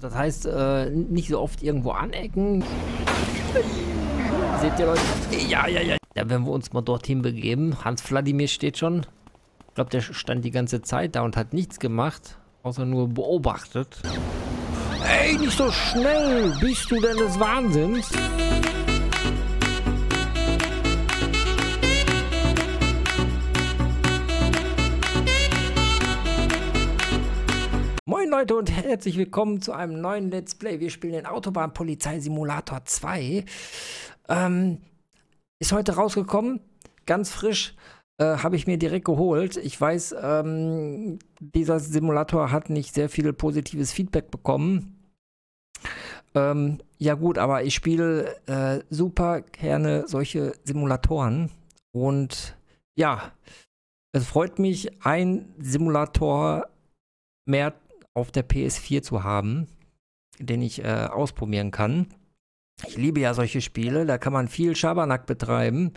Das heißt, äh, nicht so oft irgendwo anecken. Seht ihr Leute? Ja, ja, ja. Da werden wir uns mal dorthin begeben. Hans Vladimir steht schon. Ich glaube, der stand die ganze Zeit da und hat nichts gemacht, außer nur beobachtet. Ey, nicht so schnell! Bist du denn des Wahnsinns? Moin Leute und herzlich willkommen zu einem neuen Let's Play. Wir spielen den Autobahnpolizei-Simulator 2. Ähm, ist heute rausgekommen, ganz frisch, äh, habe ich mir direkt geholt. Ich weiß, ähm, dieser Simulator hat nicht sehr viel positives Feedback bekommen. Ähm, ja gut, aber ich spiele äh, super gerne solche Simulatoren. Und ja, es freut mich, ein Simulator mehr zu auf der PS4 zu haben, den ich äh, ausprobieren kann. Ich liebe ja solche Spiele, da kann man viel Schabernack betreiben.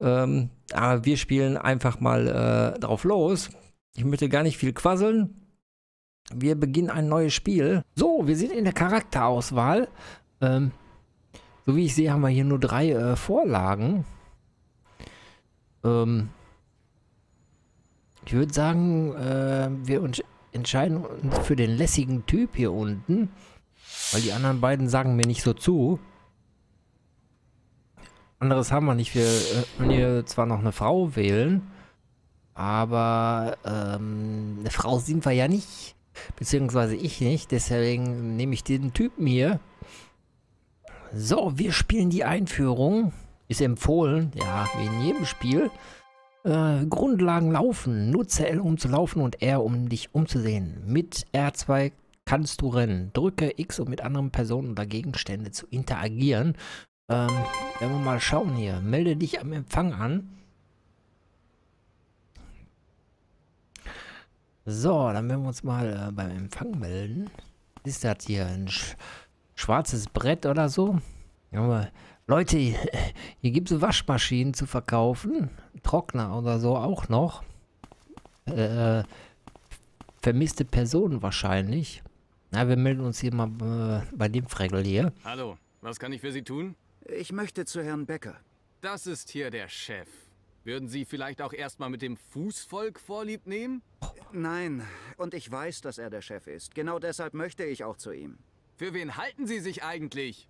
Ähm, aber wir spielen einfach mal äh, drauf los. Ich möchte gar nicht viel quasseln. Wir beginnen ein neues Spiel. So, wir sind in der Charakterauswahl. Ähm, so wie ich sehe, haben wir hier nur drei äh, Vorlagen. Ähm, ich würde sagen, äh, wir entscheiden uns für den lässigen Typ hier unten. Weil die anderen beiden sagen mir nicht so zu. Anderes haben wir nicht. Wir können äh, hier zwar noch eine Frau wählen, aber ähm, eine Frau sind wir ja nicht. Beziehungsweise ich nicht. Deswegen nehme ich den Typen hier. So, wir spielen die Einführung. Ist empfohlen. Ja, wie in jedem Spiel. Äh, Grundlagen laufen. Nutze L, um zu laufen und R, um dich umzusehen. Mit R2 kannst du rennen. Drücke X, um mit anderen Personen oder Gegenständen zu interagieren. Ähm, wenn wir mal schauen hier. Melde dich am Empfang an. So, dann werden wir uns mal äh, beim Empfang melden. Ist das hier ein sch schwarzes Brett oder so? Ja, Leute, hier gibt es Waschmaschinen zu verkaufen. Trockner oder so auch noch. Äh, vermisste Personen wahrscheinlich. Na, wir melden uns hier mal äh, bei dem Fregel hier. Hallo, was kann ich für Sie tun? Ich möchte zu Herrn Becker. Das ist hier der Chef. Würden Sie vielleicht auch erstmal mit dem Fußvolk vorlieb nehmen? Nein, und ich weiß, dass er der Chef ist. Genau deshalb möchte ich auch zu ihm. Für wen halten Sie sich eigentlich?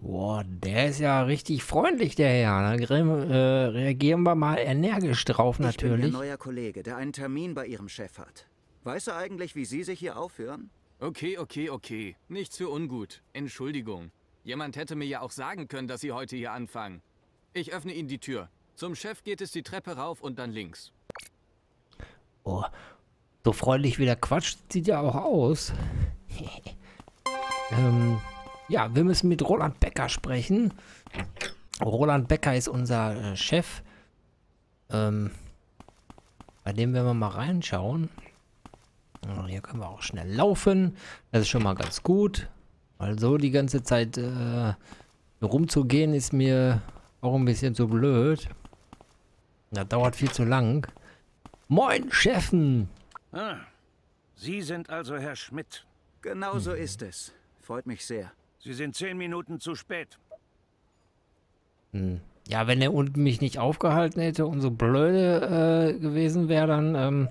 Boah, der ist ja richtig freundlich, der Herr. Dann äh, reagieren wir mal energisch drauf natürlich. Ich bin Ihr neuer Kollege, der einen Termin bei Ihrem Chef hat. Weiß er eigentlich, wie Sie sich hier aufhören? Okay, okay, okay. Nichts für ungut. Entschuldigung. Jemand hätte mir ja auch sagen können, dass Sie heute hier anfangen. Ich öffne Ihnen die Tür. Zum Chef geht es die Treppe rauf und dann links. Oh, so freundlich wie der Quatsch sieht ja auch aus. ähm... Ja, wir müssen mit Roland Becker sprechen. Roland Becker ist unser äh, Chef. Ähm, bei dem werden wir mal reinschauen. Oh, hier können wir auch schnell laufen. Das ist schon mal ganz gut. Also die ganze Zeit äh, rumzugehen ist mir auch ein bisschen zu blöd. Das dauert viel zu lang. Moin, Chefen! Ah, Sie sind also Herr Schmidt. Genau so hm. ist es. Freut mich sehr. Sie sind zehn Minuten zu spät. Hm. Ja, wenn er unten mich nicht aufgehalten hätte und so blöde äh, gewesen wäre, dann... Ähm,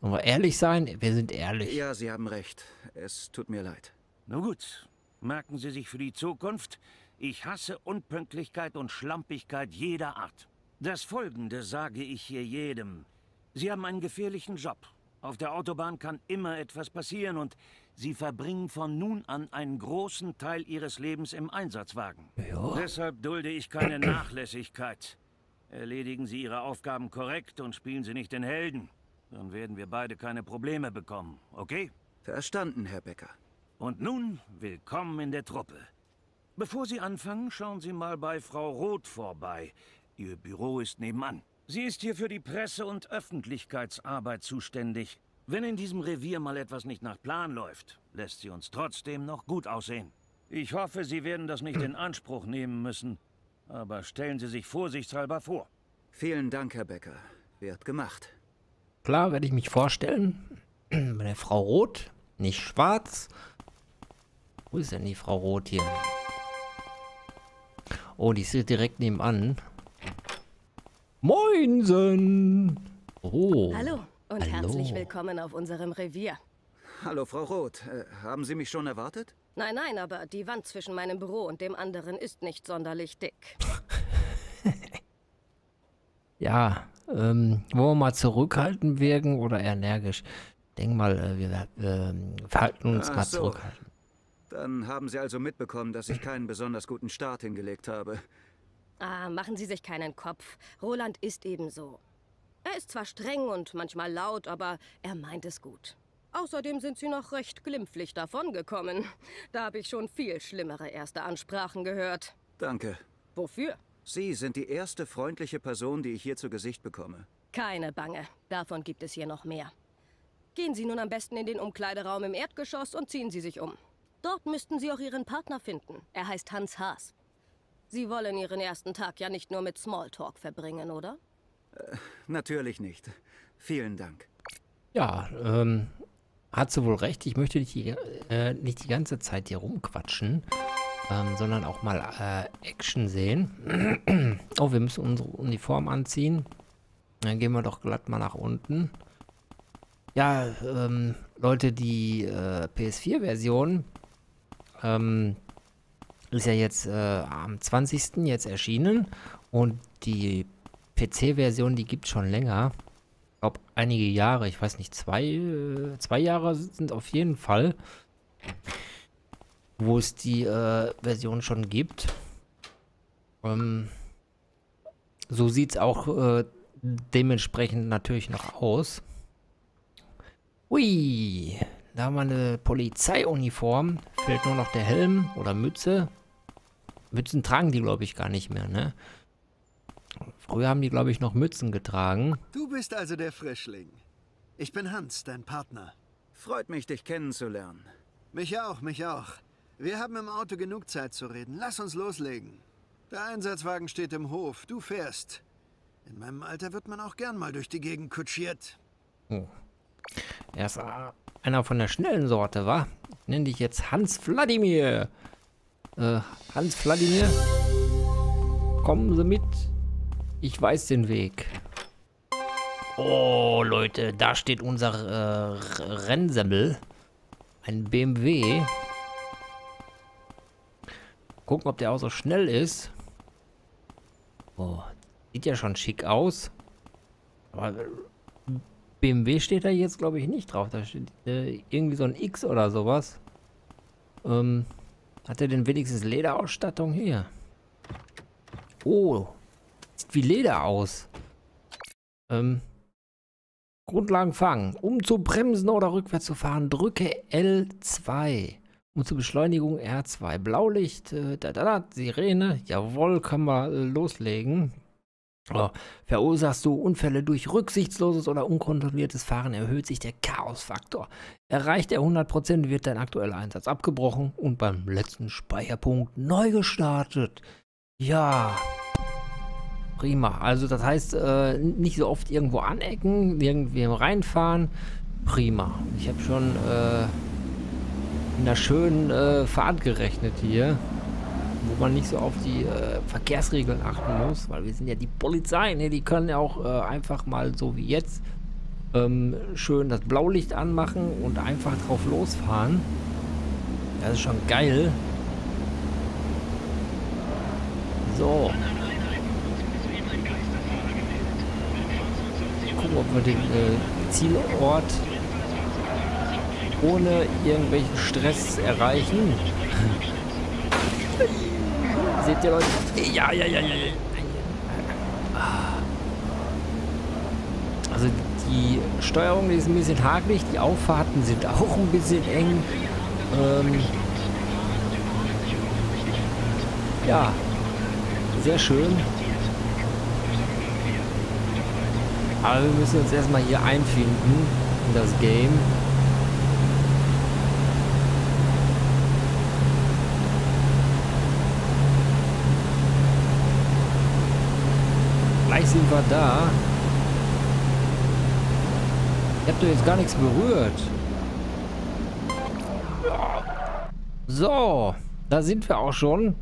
wollen wir ehrlich sein? Wir sind ehrlich. Ja, Sie haben recht. Es tut mir leid. Na gut. Merken Sie sich für die Zukunft. Ich hasse Unpünktlichkeit und Schlampigkeit jeder Art. Das Folgende sage ich hier jedem. Sie haben einen gefährlichen Job. Auf der Autobahn kann immer etwas passieren und Sie verbringen von nun an einen großen Teil Ihres Lebens im Einsatzwagen. Jo. Deshalb dulde ich keine Nachlässigkeit. Erledigen Sie Ihre Aufgaben korrekt und spielen Sie nicht den Helden. Dann werden wir beide keine Probleme bekommen, okay? Verstanden, Herr Becker. Und nun, willkommen in der Truppe. Bevor Sie anfangen, schauen Sie mal bei Frau Roth vorbei. Ihr Büro ist nebenan. Sie ist hier für die Presse- und Öffentlichkeitsarbeit zuständig. Wenn in diesem Revier mal etwas nicht nach Plan läuft, lässt sie uns trotzdem noch gut aussehen. Ich hoffe, Sie werden das nicht in Anspruch nehmen müssen. Aber stellen Sie sich vorsichtshalber vor. Vielen Dank, Herr Becker. Wird gemacht. Klar werde ich mich vorstellen. Meine Frau Rot, nicht schwarz. Wo ist denn die Frau Rot hier? Oh, die ist direkt nebenan. Moinsen! Oh. Hallo. Und Hallo. herzlich willkommen auf unserem Revier. Hallo, Frau Roth. Äh, haben Sie mich schon erwartet? Nein, nein, aber die Wand zwischen meinem Büro und dem anderen ist nicht sonderlich dick. ja, ähm, wollen wir mal zurückhaltend wirken oder energisch? Denk mal, äh, wir äh, verhalten uns Ach mal so. zurückhaltend. Dann haben Sie also mitbekommen, dass ich keinen besonders guten Start hingelegt habe. Ah, machen Sie sich keinen Kopf. Roland ist ebenso. Er ist zwar streng und manchmal laut, aber er meint es gut. Außerdem sind sie noch recht glimpflich davongekommen. Da habe ich schon viel schlimmere erste Ansprachen gehört. Danke. Wofür? Sie sind die erste freundliche Person, die ich hier zu Gesicht bekomme. Keine Bange. Davon gibt es hier noch mehr. Gehen Sie nun am besten in den Umkleideraum im Erdgeschoss und ziehen Sie sich um. Dort müssten Sie auch Ihren Partner finden. Er heißt Hans Haas. Sie wollen Ihren ersten Tag ja nicht nur mit Smalltalk verbringen, oder? Äh, natürlich nicht. Vielen Dank. Ja, ähm, hat sie wohl recht. Ich möchte nicht die, äh, nicht die ganze Zeit hier rumquatschen, ähm, sondern auch mal äh, Action sehen. oh, wir müssen unsere Uniform anziehen. Dann gehen wir doch glatt mal nach unten. Ja, ähm, Leute, die äh, PS4-Version ähm, ist ja jetzt äh, am 20. jetzt erschienen und die PC-Version, die gibt es schon länger. Ich glaube, einige Jahre. Ich weiß nicht, zwei, äh, zwei Jahre sind auf jeden Fall, wo es die äh, Version schon gibt. Ähm, so sieht es auch äh, dementsprechend natürlich noch aus. Ui, da haben wir eine Polizeiuniform. Fehlt nur noch der Helm oder Mütze. Mützen tragen die, glaube ich, gar nicht mehr, ne? Früher haben die, glaube ich, noch Mützen getragen. Du bist also der Frischling. Ich bin Hans, dein Partner. Freut mich, dich kennenzulernen. Mich auch, mich auch. Wir haben im Auto genug Zeit zu reden. Lass uns loslegen. Der Einsatzwagen steht im Hof. Du fährst. In meinem Alter wird man auch gern mal durch die Gegend kutschiert. Oh. Er ist einer von der schnellen Sorte, wa? Nenn dich jetzt Hans Vladimir. Äh, Hans Vladimir? Kommen Sie mit. Ich weiß den Weg. Oh, Leute, da steht unser äh, Rennsemmel. Ein BMW. Gucken, ob der auch so schnell ist. Oh, sieht ja schon schick aus. Aber äh, BMW steht da jetzt, glaube ich, nicht drauf. Da steht äh, irgendwie so ein X oder sowas. Ähm, hat er denn wenigstens Lederausstattung hier? Oh, Sieht wie Leder aus. Ähm. Grundlagen fangen. Um zu bremsen oder rückwärts zu fahren, drücke L2. Und zur Beschleunigung R2. Blaulicht, äh, da, da, da, Sirene. Jawohl, können wir loslegen. Oh. Verursachst du Unfälle durch rücksichtsloses oder unkontrolliertes Fahren, erhöht sich der Chaosfaktor. Erreicht er 100%, wird dein aktueller Einsatz abgebrochen und beim letzten Speicherpunkt neu gestartet. Ja. Prima. Also das heißt, äh, nicht so oft irgendwo anecken, irgendwie reinfahren. Prima. Ich habe schon äh, in einer schönen äh, Fahrt gerechnet hier, wo man nicht so auf die äh, Verkehrsregeln achten muss, weil wir sind ja die Polizei, ne? die können ja auch äh, einfach mal so wie jetzt ähm, schön das Blaulicht anmachen und einfach drauf losfahren. Das ist schon geil. So. gucken, ob wir den äh, Zielort ohne irgendwelchen Stress erreichen. Seht ihr Leute? Ja, ja, ja, ja, ja. Also die Steuerung ist ein bisschen hakelig, die Auffahrten sind auch ein bisschen eng. Ähm ja, sehr schön. Aber wir müssen uns erstmal hier einfinden in das Game. Gleich sind wir da. Ich hab doch jetzt gar nichts berührt. So, da sind wir auch schon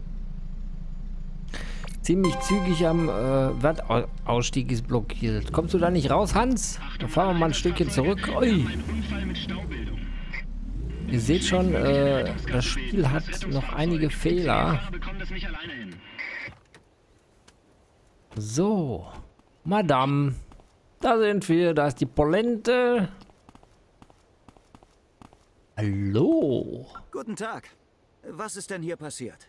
ziemlich zügig am äh, Wertausstieg ist blockiert. Kommst du da nicht raus, Hans? Dann fahren wir mal ein Stückchen zurück. Ui. Ihr seht schon, äh, das Spiel hat noch einige Fehler. So, Madame, da sind wir, da ist die Polente. Hallo. Guten Tag. Was ist denn hier passiert?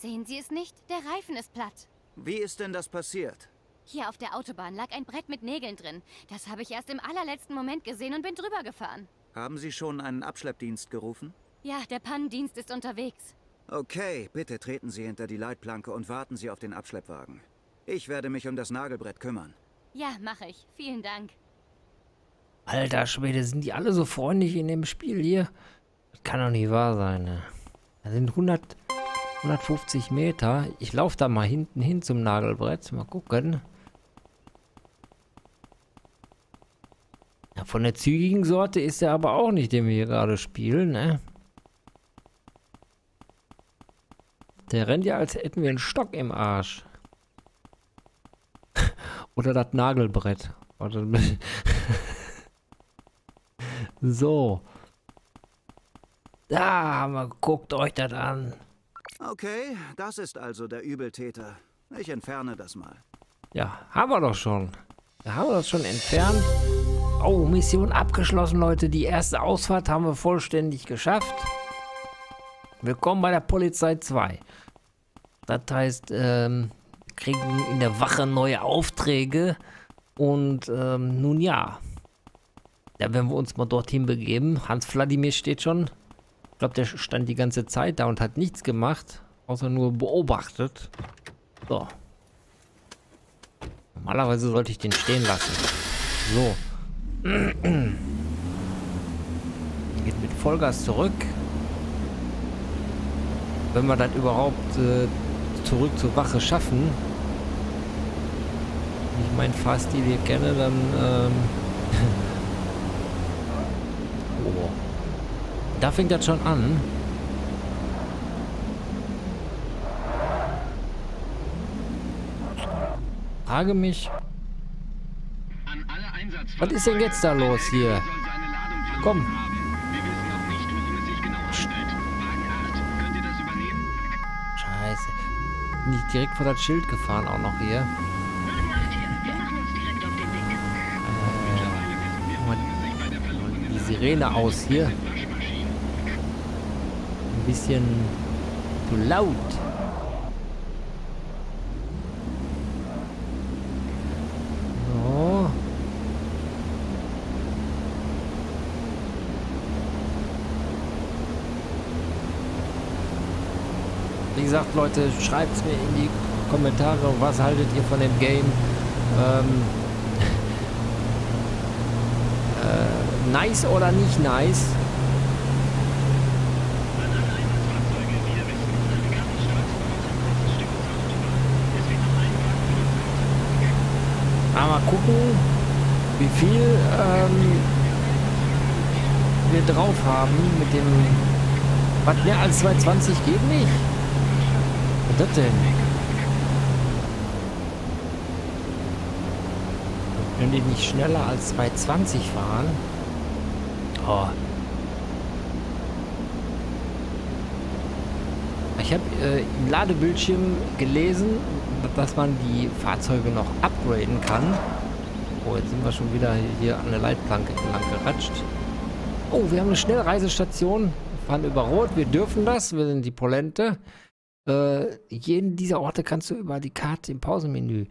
Sehen Sie es nicht? Der Reifen ist platt. Wie ist denn das passiert? Hier auf der Autobahn lag ein Brett mit Nägeln drin. Das habe ich erst im allerletzten Moment gesehen und bin drüber gefahren. Haben Sie schon einen Abschleppdienst gerufen? Ja, der Pannendienst ist unterwegs. Okay, bitte treten Sie hinter die Leitplanke und warten Sie auf den Abschleppwagen. Ich werde mich um das Nagelbrett kümmern. Ja, mache ich. Vielen Dank. Alter Schwede, sind die alle so freundlich in dem Spiel hier? Das kann doch nicht wahr sein, ne? Da sind 100 150 Meter. Ich laufe da mal hinten hin zum Nagelbrett. Mal gucken. Ja, von der zügigen Sorte ist er aber auch nicht, den wir hier gerade spielen, ne? Der rennt ja, als hätten wir einen Stock im Arsch. Oder das Nagelbrett. so. Da, ah, guckt euch das an. Okay, das ist also der Übeltäter. Ich entferne das mal. Ja, haben wir doch schon. Da haben wir das schon entfernt. Oh, Mission abgeschlossen, Leute. Die erste Ausfahrt haben wir vollständig geschafft. Willkommen bei der Polizei 2. Das heißt, ähm, kriegen in der Wache neue Aufträge. Und ähm, nun ja. Da werden wir uns mal dorthin begeben. Hans Vladimir steht schon glaube, der stand die ganze Zeit da und hat nichts gemacht, außer nur beobachtet. So. Normalerweise sollte ich den stehen lassen. So. Geht mit Vollgas zurück. Wenn wir das überhaupt äh, zurück zur Wache schaffen. Ich meine, fast die wir kennen, dann... Ähm Da fängt das schon an. Frage mich. Was ist denn jetzt da los hier? Komm. Scheiße. Bin ich direkt vor das Schild gefahren auch noch hier. Äh, die Sirene aus hier ein bisschen zu laut. Wie gesagt, Leute, schreibt es mir in die Kommentare, was haltet ihr von dem Game? Ähm, äh, nice oder nicht nice? gucken, wie viel ähm, wir drauf haben mit dem... Was, mehr als 220 geht nicht? Was das denn? Können die nicht schneller als 220 fahren... Oh. Ich habe äh, im Ladebildschirm gelesen, dass man die Fahrzeuge noch upgraden kann. Oh, jetzt sind wir schon wieder hier an der Leitplanke entlang geratscht. Oh, wir haben eine Schnellreisestation. Wir fahren über Rot. Wir dürfen das. Wir sind die Polente. Äh, jeden dieser Orte kannst du über die Karte im Pausenmenü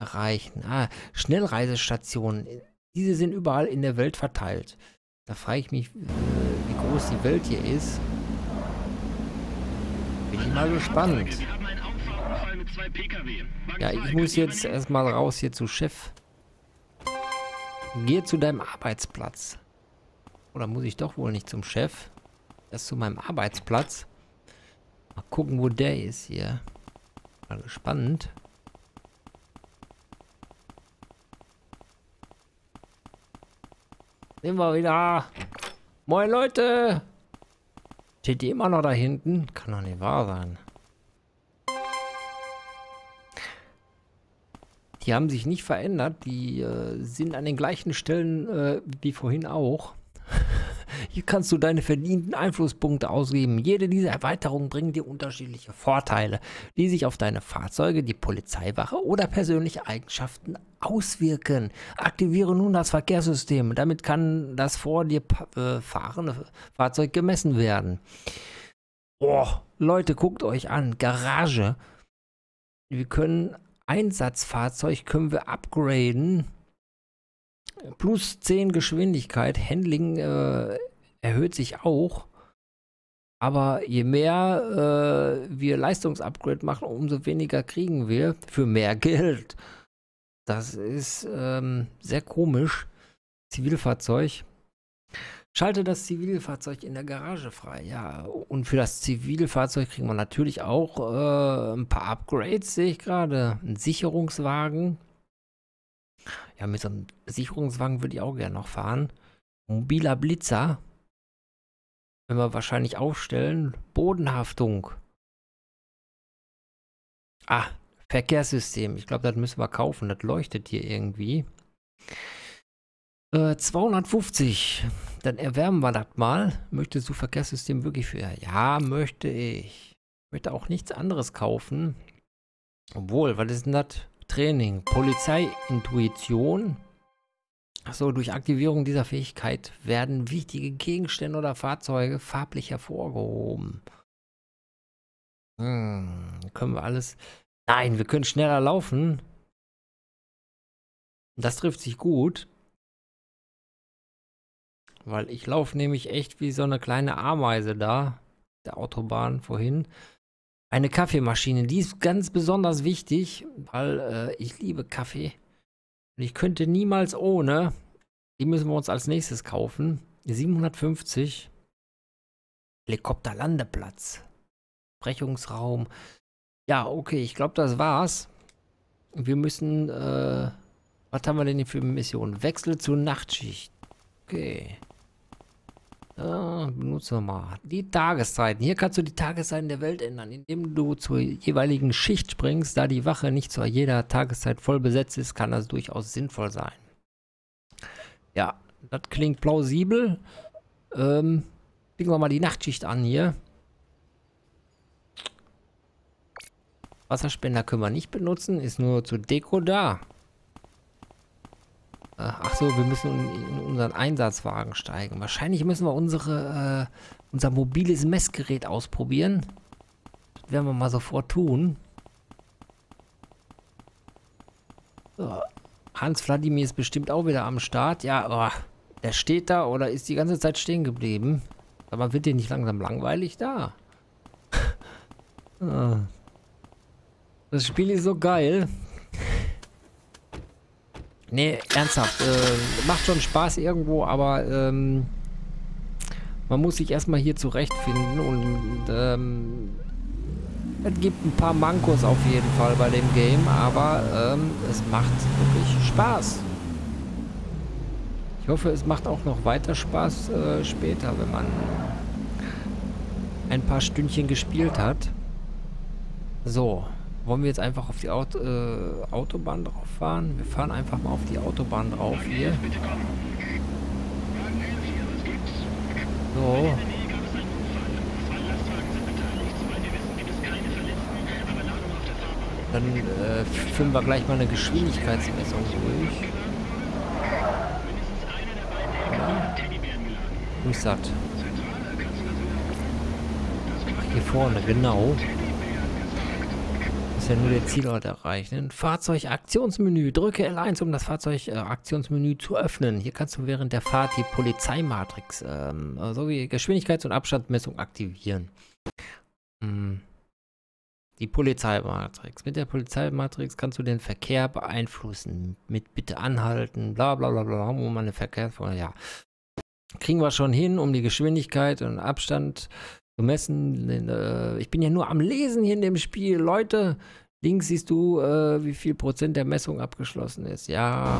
erreichen. Ah, Schnellreisestationen. Diese sind überall in der Welt verteilt. Da frage ich mich, äh, wie groß die Welt hier ist. Bin ich mal gespannt. Ja, ich muss jetzt erstmal raus hier zu Chef. Geh zu deinem Arbeitsplatz. Oder muss ich doch wohl nicht zum Chef? Erst zu meinem Arbeitsplatz. Mal gucken, wo der ist hier. Mal gespannt. Sind wir wieder. Moin Leute. Steht die immer noch da hinten? Kann doch nicht wahr sein. Die haben sich nicht verändert. Die äh, sind an den gleichen Stellen äh, wie vorhin auch. Hier kannst du deine verdienten Einflusspunkte ausgeben. Jede dieser Erweiterungen bringt dir unterschiedliche Vorteile, die sich auf deine Fahrzeuge, die Polizeiwache oder persönliche Eigenschaften auswirken. Aktiviere nun das Verkehrssystem. Damit kann das vor dir äh, fahrende Fahrzeug gemessen werden. Boah, Leute, guckt euch an. Garage. Wir können Einsatzfahrzeug können wir upgraden. Plus 10 Geschwindigkeit. Handling äh, erhöht sich auch. Aber je mehr äh, wir Leistungsupgrade machen, umso weniger kriegen wir für mehr Geld. Das ist ähm, sehr komisch. Zivilfahrzeug. Schalte das Zivilfahrzeug in der Garage frei. Ja, und für das Zivilfahrzeug kriegen wir natürlich auch äh, ein paar Upgrades, sehe ich gerade. Ein Sicherungswagen. Ja, mit so einem Sicherungswagen würde ich auch gerne noch fahren. Mobiler Blitzer. Wenn wir wahrscheinlich aufstellen. Bodenhaftung. Ah, Verkehrssystem. Ich glaube, das müssen wir kaufen. Das leuchtet hier irgendwie. 250. Äh, Dann erwärmen wir das mal. Möchtest du Verkehrssystem wirklich für... Ja, möchte ich. Möchte auch nichts anderes kaufen. Obwohl, was ist denn das? Training. Polizeiintuition. Achso, durch Aktivierung dieser Fähigkeit werden wichtige Gegenstände oder Fahrzeuge farblich hervorgehoben. Hm, können wir alles... Nein, wir können schneller laufen. Das trifft sich gut. Weil ich laufe nämlich echt wie so eine kleine Ameise da, der Autobahn vorhin. Eine Kaffeemaschine, die ist ganz besonders wichtig, weil äh, ich liebe Kaffee. Und ich könnte niemals ohne. Die müssen wir uns als nächstes kaufen. 750. Helikopterlandeplatz. Sprechungsraum. Ja, okay, ich glaube, das war's. Wir müssen, äh, was haben wir denn hier für Missionen? Wechsel zur Nachtschicht. Okay. Äh, benutze mal die Tageszeiten. Hier kannst du die Tageszeiten der Welt ändern, indem du zur jeweiligen Schicht springst. Da die Wache nicht zu jeder Tageszeit voll besetzt ist, kann das durchaus sinnvoll sein. Ja, das klingt plausibel. Ähm, wir mal die Nachtschicht an hier. Wasserspender können wir nicht benutzen, ist nur zur Deko da so, wir müssen in unseren Einsatzwagen steigen. Wahrscheinlich müssen wir unsere, äh, unser mobiles Messgerät ausprobieren. Das werden wir mal sofort tun. Hans Vladimir ist bestimmt auch wieder am Start. Ja, oh, der steht da oder ist die ganze Zeit stehen geblieben. Aber wird dir nicht langsam langweilig da? Ah. Das Spiel ist so geil. Nee, ernsthaft. Äh, macht schon Spaß irgendwo, aber ähm, man muss sich erstmal hier zurechtfinden und ähm, es gibt ein paar Mankos auf jeden Fall bei dem Game, aber ähm, es macht wirklich Spaß. Ich hoffe, es macht auch noch weiter Spaß äh, später, wenn man ein paar Stündchen gespielt hat. So. Wollen wir jetzt einfach auf die Auto, äh, Autobahn drauf fahren? Wir fahren einfach mal auf die Autobahn drauf hier. So. Dann äh, führen wir gleich mal eine Geschwindigkeitsmessung durch. Ja. Bin ich satt. Ach, hier vorne, genau ja nur der Zielort erreichen. Fahrzeugaktionsmenü. Drücke L1, um das Fahrzeugaktionsmenü äh, zu öffnen. Hier kannst du während der Fahrt die Polizeimatrix ähm, sowie Geschwindigkeits- und Abstandsmessung aktivieren. Hm. Die Polizeimatrix. Mit der Polizeimatrix kannst du den Verkehr beeinflussen. Mit bitte anhalten, bla bla bla bla, um eine Verkehrsform. Ja. Kriegen wir schon hin, um die Geschwindigkeit und Abstand äh, Messen, äh, Ich bin ja nur am Lesen hier in dem Spiel. Leute, links siehst du, äh, wie viel Prozent der Messung abgeschlossen ist. Ja,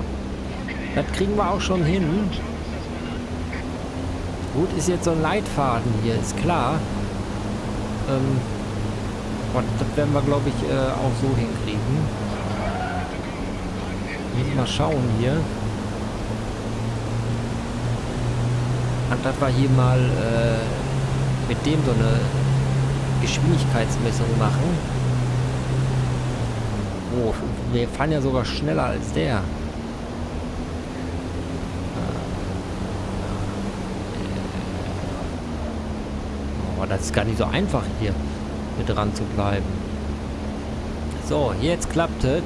das kriegen wir auch schon hin. Gut, ist jetzt so ein Leitfaden hier, ist klar. Ähm, Gott, das werden wir, glaube ich, äh, auch so hinkriegen. Müssen mal schauen hier. Und das war hier mal... Äh, mit dem so eine Geschwindigkeitsmessung machen. Oh, wir fahren ja sogar schneller als der. Aber äh, oh, das ist gar nicht so einfach hier mit dran zu bleiben. So, jetzt klappt es.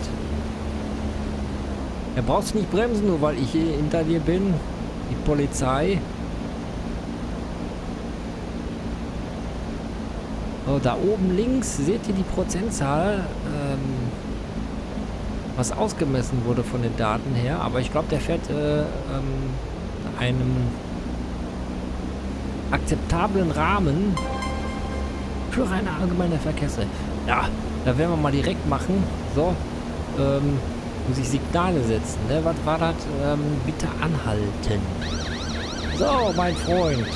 Er brauchst nicht bremsen, nur weil ich hier hinter dir bin. Die Polizei. So, äh, da oben links seht ihr die Prozentzahl, ähm, was ausgemessen wurde von den Daten her. Aber ich glaube, der fährt äh, ähm, einem akzeptablen Rahmen für eine allgemeine Verkehrsrecht. Ja, da werden wir mal direkt machen. So, ähm, muss ich Signale setzen. Ne? Was war das? Ähm, bitte anhalten. So, mein Freund.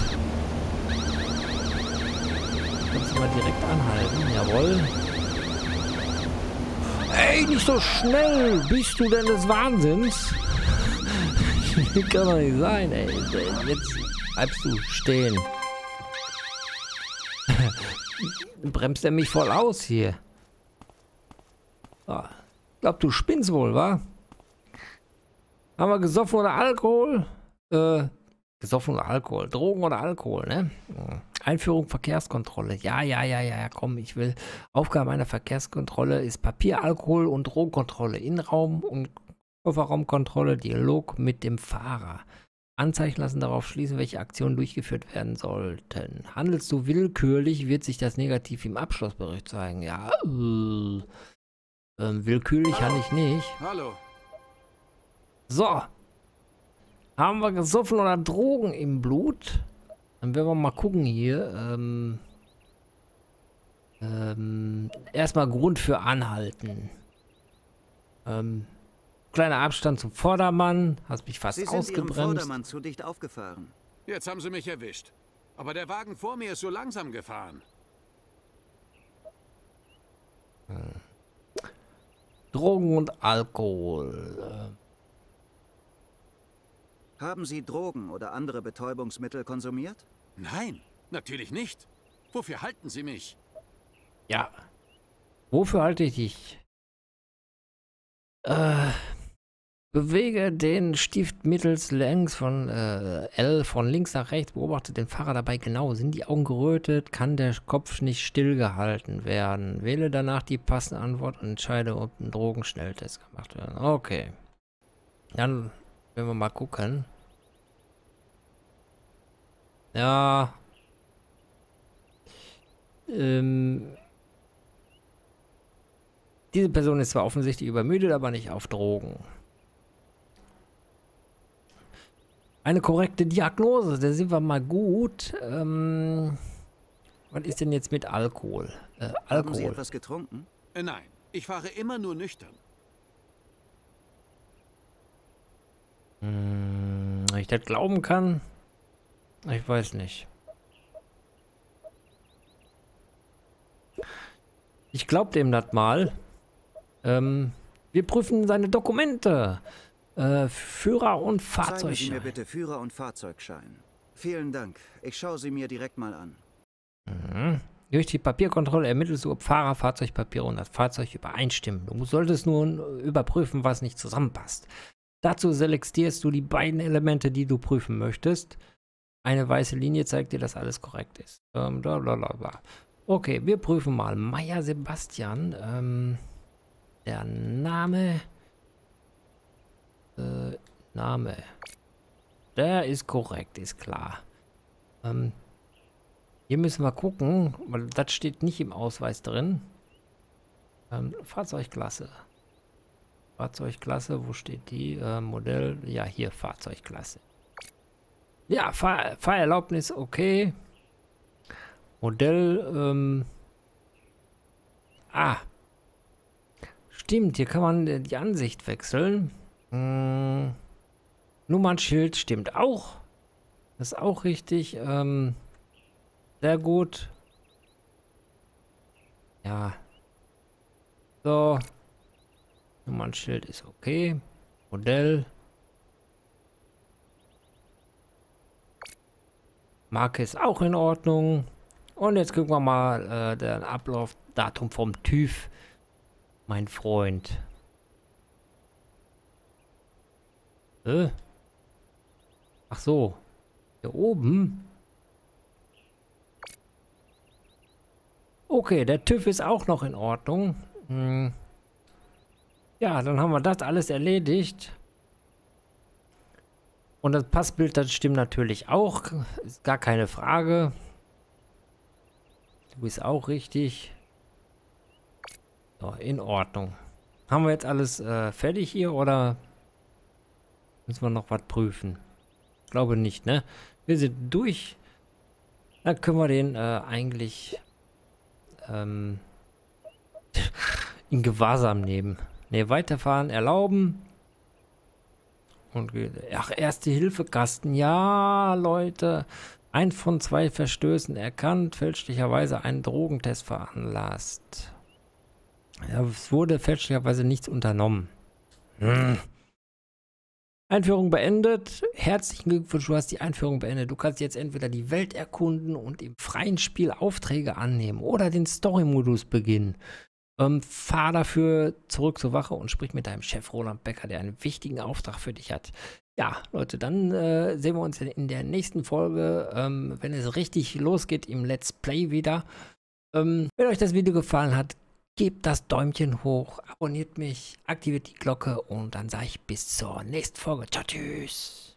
Kannst du mal direkt anhalten? Jawohl. Ey, nicht so schnell! Bist du denn des Wahnsinns? Kann doch nicht sein, ey. Jetzt bleibst du stehen. Bremst er mich voll aus hier. Oh, glaub, du spinnst wohl, wa? Haben wir gesoffen oder Alkohol? Äh, Gesoffen oder Alkohol, Drogen oder Alkohol, ne? Einführung Verkehrskontrolle. Ja, ja, ja, ja, ja, komm, ich will. Aufgabe einer Verkehrskontrolle ist Papier, Alkohol und Drogenkontrolle, Innenraum und Kofferraumkontrolle, Dialog mit dem Fahrer. Anzeichen lassen darauf schließen, welche Aktionen durchgeführt werden sollten. Handelst du willkürlich, wird sich das negativ im Abschlussbericht zeigen. Ja, äh, ähm, willkürlich handle ich nicht. Hallo. So, haben wir gesoffen oder Drogen im Blut? Dann werden wir mal gucken hier. Ähm, ähm, erstmal Grund für Anhalten. Ähm, kleiner Abstand zum Vordermann. Hast mich fast Sie ausgebremst. Ihrem Vordermann zu dicht aufgefahren. Jetzt haben Sie mich erwischt. Aber der Wagen vor mir ist so langsam gefahren. Drogen und Alkohol. Ähm. Haben Sie Drogen oder andere Betäubungsmittel konsumiert? Nein, natürlich nicht. Wofür halten Sie mich? Ja. Wofür halte ich dich? Äh, bewege den Stift mittels längs von äh, L von links nach rechts, beobachte den Fahrer dabei genau. Sind die Augen gerötet? Kann der Kopf nicht stillgehalten werden? Wähle danach die passende Antwort und entscheide, ob ein Drogenschnelltest gemacht wird. Okay. Dann wenn wir mal gucken. Ja. Ähm. Diese Person ist zwar offensichtlich übermüdet, aber nicht auf Drogen. Eine korrekte Diagnose, da sind wir mal gut. Ähm, was ist denn jetzt mit Alkohol? Äh, Alkohol. Haben Sie etwas getrunken? Äh, nein, ich fahre immer nur nüchtern. Hm, ich das glauben kann? Ich weiß nicht. Ich glaub dem das mal. Ähm, wir prüfen seine Dokumente. Äh, Führer und Fahrzeugschein. Zeigen Sie mir bitte Führer und Fahrzeugschein. Vielen Dank. Ich schaue sie mir direkt mal an. Mhm. Durch die Papierkontrolle ermittelst du, ob Fahrer, Fahrzeugpapiere und das Fahrzeug übereinstimmen. Du solltest nun überprüfen, was nicht zusammenpasst. Dazu selektierst du die beiden Elemente, die du prüfen möchtest. Eine weiße Linie zeigt dir, dass alles korrekt ist. Ähm, Okay, wir prüfen mal. Meier Sebastian. Ähm, der Name. Äh, Name. Der ist korrekt, ist klar. Ähm, hier müssen wir gucken, weil das steht nicht im Ausweis drin. Ähm, Fahrzeugklasse. Fahrzeugklasse, wo steht die? Äh, Modell, ja hier, Fahrzeugklasse. Ja, Fahr Fahrerlaubnis, okay. Modell, ähm, ah, stimmt, hier kann man äh, die Ansicht wechseln. Hm. Nummernschild stimmt auch. Das ist auch richtig. Ähm, sehr gut. Ja. So, Nummernschild ist okay. Modell. Marke ist auch in Ordnung. Und jetzt gucken wir mal äh, den Ablaufdatum vom TÜV, mein Freund. Äh? Ach so, hier oben. Okay, der TÜV ist auch noch in Ordnung. Hm. Ja, dann haben wir das alles erledigt. Und das Passbild, das stimmt natürlich auch. Ist gar keine Frage. Du bist auch richtig. So, in Ordnung. Haben wir jetzt alles äh, fertig hier oder müssen wir noch was prüfen? Ich glaube nicht, ne? Wir sind durch. Dann können wir den äh, eigentlich ähm, in Gewahrsam nehmen. Ne, weiterfahren erlauben. Und ach, erste Hilfekasten. Ja, Leute. Ein von zwei Verstößen erkannt, fälschlicherweise einen Drogentest veranlasst. Ja, es wurde fälschlicherweise nichts unternommen. Hm. Einführung beendet. Herzlichen Glückwunsch, du hast die Einführung beendet. Du kannst jetzt entweder die Welt erkunden und im freien Spiel Aufträge annehmen oder den Story-Modus beginnen. Ähm, fahr dafür zurück zur Wache und sprich mit deinem Chef Roland Becker, der einen wichtigen Auftrag für dich hat. Ja, Leute, dann äh, sehen wir uns in der nächsten Folge, ähm, wenn es richtig losgeht, im Let's Play wieder. Ähm, wenn euch das Video gefallen hat, gebt das Däumchen hoch, abonniert mich, aktiviert die Glocke und dann sage ich bis zur nächsten Folge. Ciao, tschüss.